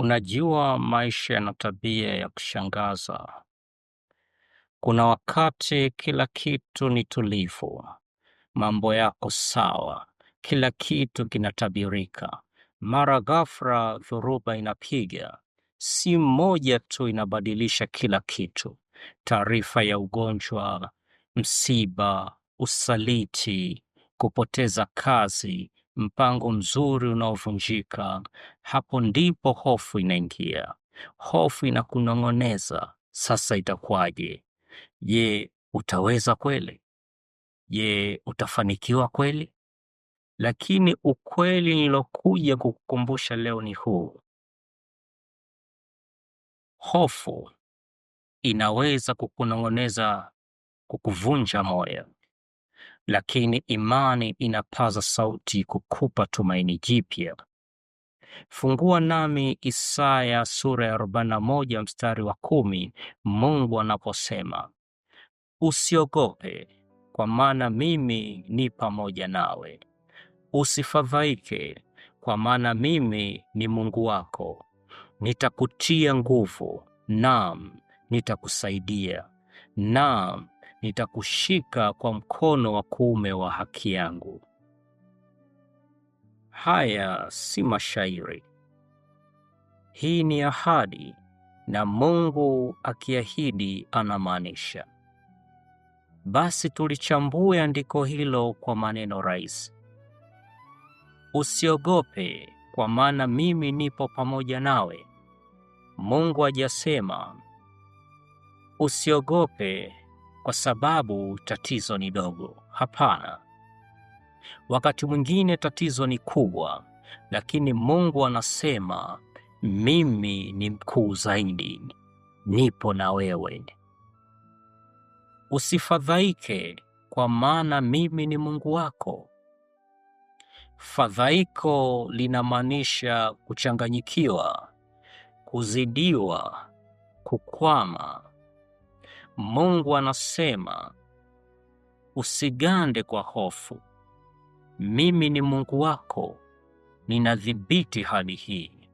Unajua, maisha yana tabia ya kushangaza. Kuna wakati kila kitu ni tulivu, mambo yako sawa, kila kitu kinatabirika. Mara ghafla, dhoruba inapiga, si moja tu inabadilisha kila kitu: taarifa ya ugonjwa, msiba, usaliti, kupoteza kazi, mpango mzuri unaovunjika. Hapo ndipo hofu inaingia. Hofu inakunong'oneza, sasa itakuwaje? Je, utaweza kweli? Je, utafanikiwa kweli? Lakini ukweli nilokuja kukukumbusha leo ni huu: hofu inaweza kukunong'oneza, kukuvunja moyo, lakini imani inapaza sauti kukupa tumaini jipya. Fungua nami Isaya sura ya 41 mstari wa kumi, Mungu anaposema, usiogope kwa maana mimi ni pamoja nawe, usifadhaike kwa maana mimi ni Mungu wako, nitakutia nguvu, naam, nitakusaidia, naam nitakushika kwa mkono wa kuume wa haki yangu. Haya si mashairi, hii ni ahadi, na Mungu akiahidi anamaanisha. Basi tulichambue andiko hilo kwa maneno rahisi: usiogope, kwa maana mimi nipo pamoja nawe. Mungu hajasema usiogope kwa sababu tatizo ni dogo. Hapana, wakati mwingine tatizo ni kubwa, lakini Mungu anasema mimi ni mkuu zaidi, nipo na wewe. Usifadhaike, kwa maana mimi ni Mungu wako. Fadhaiko linamaanisha kuchanganyikiwa, kuzidiwa, kukwama Mungu anasema usigande kwa hofu, mimi ni Mungu wako, ninadhibiti hali hii,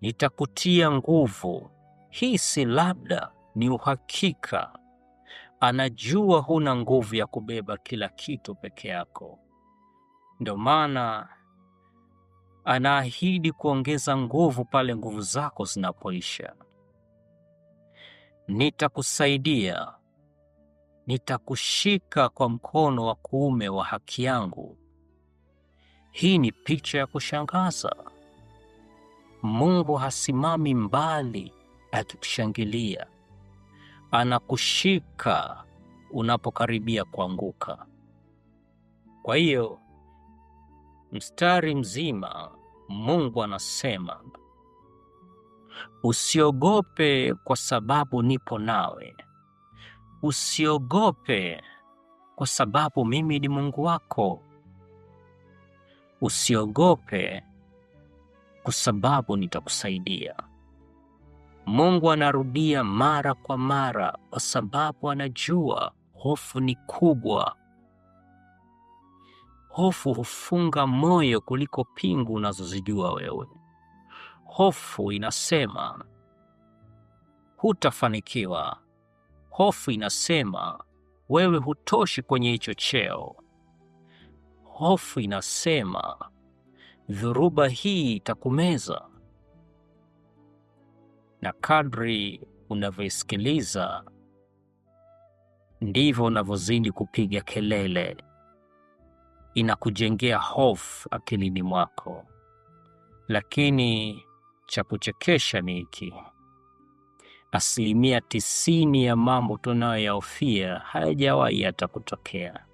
nitakutia nguvu. Hii si labda, ni uhakika. Anajua huna nguvu ya kubeba kila kitu peke yako, ndio maana anaahidi kuongeza nguvu pale nguvu zako zinapoisha nitakusaidia, nitakushika kwa mkono wa kuume wa haki yangu. Hii ni picha ya kushangaza. Mungu hasimami mbali akikushangilia, anakushika unapokaribia kuanguka. Kwa hiyo mstari mzima Mungu anasema Usiogope kwa sababu nipo nawe. Usiogope kwa sababu mimi ni Mungu wako. Usiogope kwa sababu nitakusaidia. Mungu anarudia mara kwa mara kwa sababu anajua hofu ni kubwa. Hofu hufunga moyo kuliko pingu unazozijua wewe. Hofu inasema hutafanikiwa. Hofu inasema wewe hutoshi kwenye hicho cheo. Hofu inasema dhuruba hii itakumeza. Na kadri unavyoisikiliza ndivyo unavyozidi kupiga kelele. Inakujengea hofu akilini mwako, lakini cha kuchekesha ni hiki: asilimia tisini ya mambo tunayoyahofia hayajawahi hata kutokea.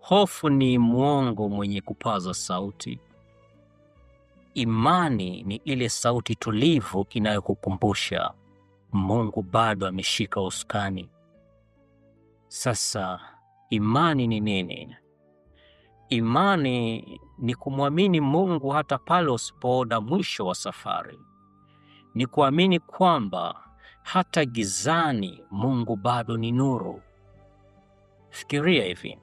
Hofu ni mwongo mwenye kupaza sauti. Imani ni ile sauti tulivu inayokukumbusha Mungu bado ameshika usukani. Sasa imani ni nini? Imani ni kumwamini Mungu hata pale usipoona mwisho wa safari. Ni kuamini kwamba hata gizani Mungu bado ni nuru. Fikiria hivi,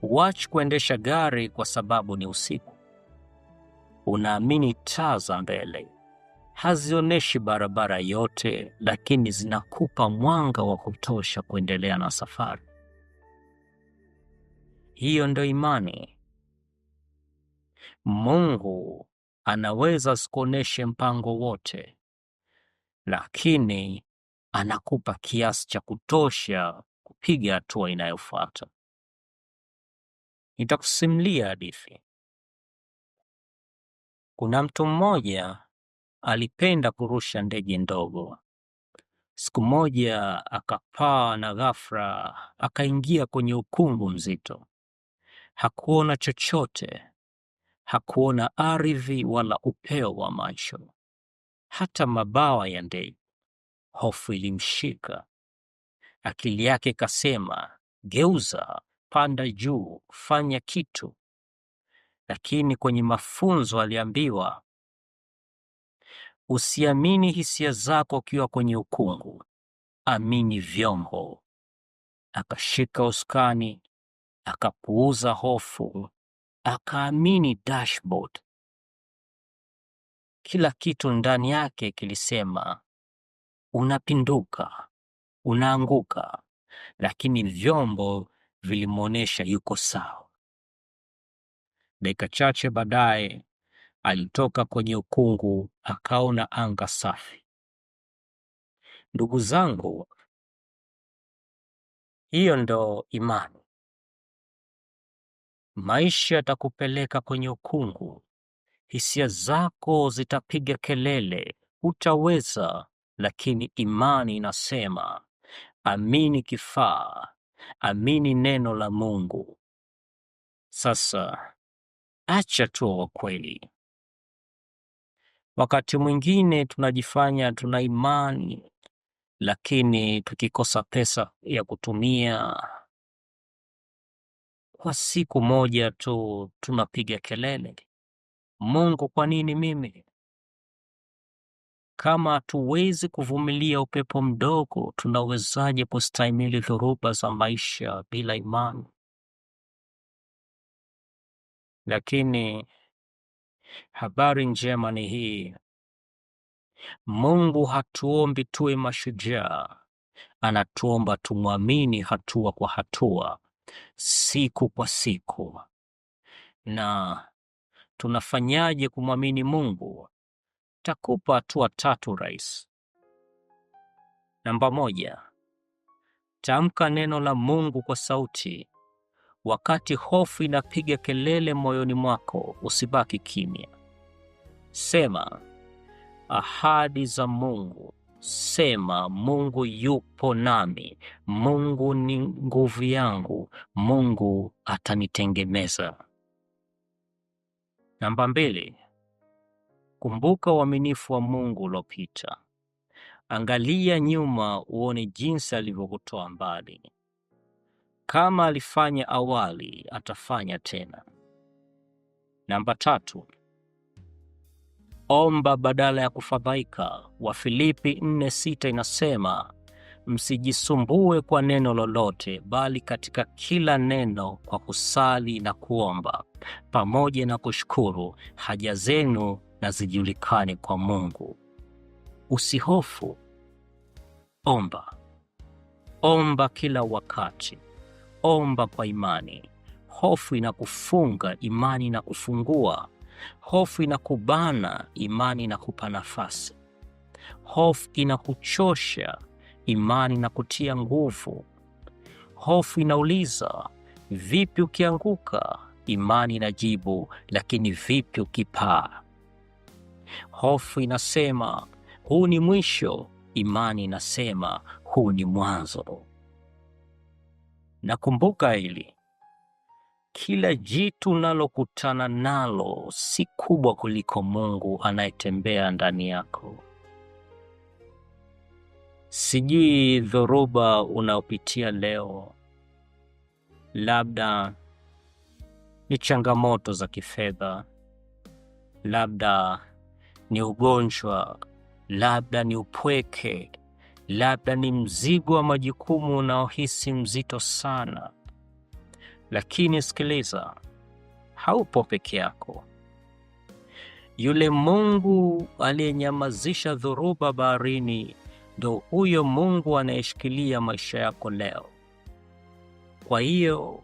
huachi kuendesha gari kwa sababu ni usiku. Unaamini taa za mbele hazionyeshi barabara yote, lakini zinakupa mwanga wa kutosha kuendelea na safari. Hiyo ndio imani. Mungu anaweza asikuoneshe mpango wote, lakini anakupa kiasi cha kutosha kupiga hatua inayofuata. Nitakusimulia hadithi. Kuna mtu mmoja alipenda kurusha ndege ndogo. Siku moja akapaa na ghafla akaingia kwenye ukungu mzito. Hakuona chochote hakuona ardhi wala upeo wa macho, hata mabawa ya ndege. Hofu ilimshika, akili yake ikasema, geuza, panda juu, fanya kitu. Lakini kwenye mafunzo aliambiwa, usiamini hisia zako ukiwa kwenye ukungu, amini vyombo. Akashika usukani, akapuuza hofu akaamini dashboard. Kila kitu ndani yake kilisema unapinduka, unaanguka, lakini vyombo vilimwonyesha yuko sawa. Dakika chache baadaye alitoka kwenye ukungu, akaona anga safi. Ndugu zangu, hiyo ndo imani. Maisha yatakupeleka kwenye ukungu, hisia zako zitapiga kelele, hutaweza. Lakini imani inasema amini kifaa, amini neno la Mungu. Sasa acha tuwe wa kweli. Wakati mwingine tunajifanya tuna imani, lakini tukikosa pesa ya kutumia kwa siku moja tu tunapiga kelele, Mungu, kwa nini mimi? Kama hatuwezi kuvumilia upepo mdogo, tunawezaje kustahimili dhoruba za maisha bila imani? Lakini habari njema ni hii: Mungu hatuombi tuwe mashujaa, anatuomba tumwamini hatua kwa hatua siku kwa siku. Na tunafanyaje kumwamini Mungu? Takupa hatua tatu rahisi. Namba moja, tamka neno la Mungu kwa sauti. Wakati hofu inapiga kelele moyoni mwako, usibaki kimya. Sema ahadi za Mungu sema Mungu yupo nami, Mungu ni nguvu yangu, Mungu atanitengemeza. Namba mbili, kumbuka uaminifu wa Mungu uliopita. Angalia nyuma uone jinsi alivyokutoa mbali. Kama alifanya awali, atafanya tena. Namba tatu, omba badala ya kufadhaika. Wafilipi 4:6 inasema msijisumbue kwa neno lolote, bali katika kila neno kwa kusali na kuomba pamoja na kushukuru, haja zenu na zijulikane kwa Mungu. Usihofu, omba. Omba kila wakati, omba kwa imani. Hofu inakufunga, imani inakufungua. Hofu inakubana, imani inakupa nafasi. Hofu inakuchosha, imani inakutia nguvu. Hofu inauliza vipi ukianguka, imani inajibu lakini vipi ukipaa. Hofu inasema huu ni mwisho, imani inasema huu ni mwanzo. Nakumbuka hili kila jitu unalokutana nalo si kubwa kuliko Mungu anayetembea ndani yako. Sijui dhoruba unaopitia leo, labda ni changamoto za kifedha, labda ni ugonjwa, labda ni upweke, labda ni mzigo wa majukumu unaohisi mzito sana lakini sikiliza, haupo peke yako. Yule Mungu aliyenyamazisha dhoruba baharini ndo huyo Mungu anayeshikilia maisha yako leo. Kwa hiyo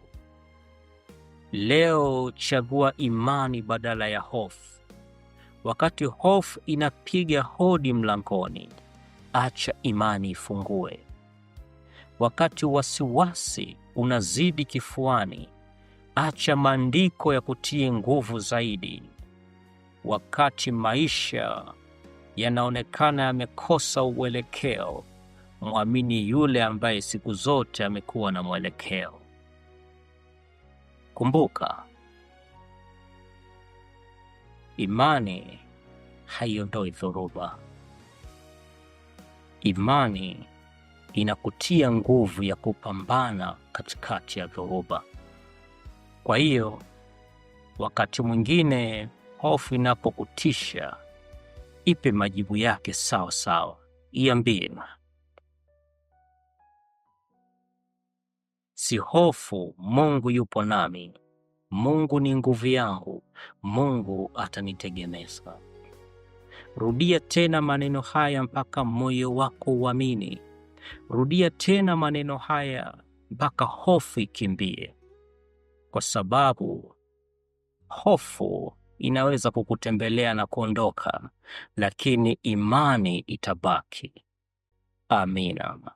leo chagua imani badala ya hofu. Wakati hofu inapiga hodi mlangoni, acha imani ifungue. Wakati wasiwasi unazidi kifuani, acha maandiko ya kutie nguvu zaidi. Wakati maisha yanaonekana yamekosa uelekeo, mwamini yule ambaye siku zote amekuwa na mwelekeo. Kumbuka, imani haiondoi dhoruba. Imani inakutia nguvu ya kupambana katikati ya dhoruba. Kwa hiyo wakati mwingine hofu inapokutisha, ipe majibu yake sawa sawa, iambie si hofu, Mungu yupo nami, Mungu ni nguvu yangu, Mungu atanitegemeza. Rudia tena maneno haya mpaka moyo wako uamini. Rudia tena maneno haya mpaka hofu ikimbie, kwa sababu hofu inaweza kukutembelea na kuondoka, lakini imani itabaki. Amina.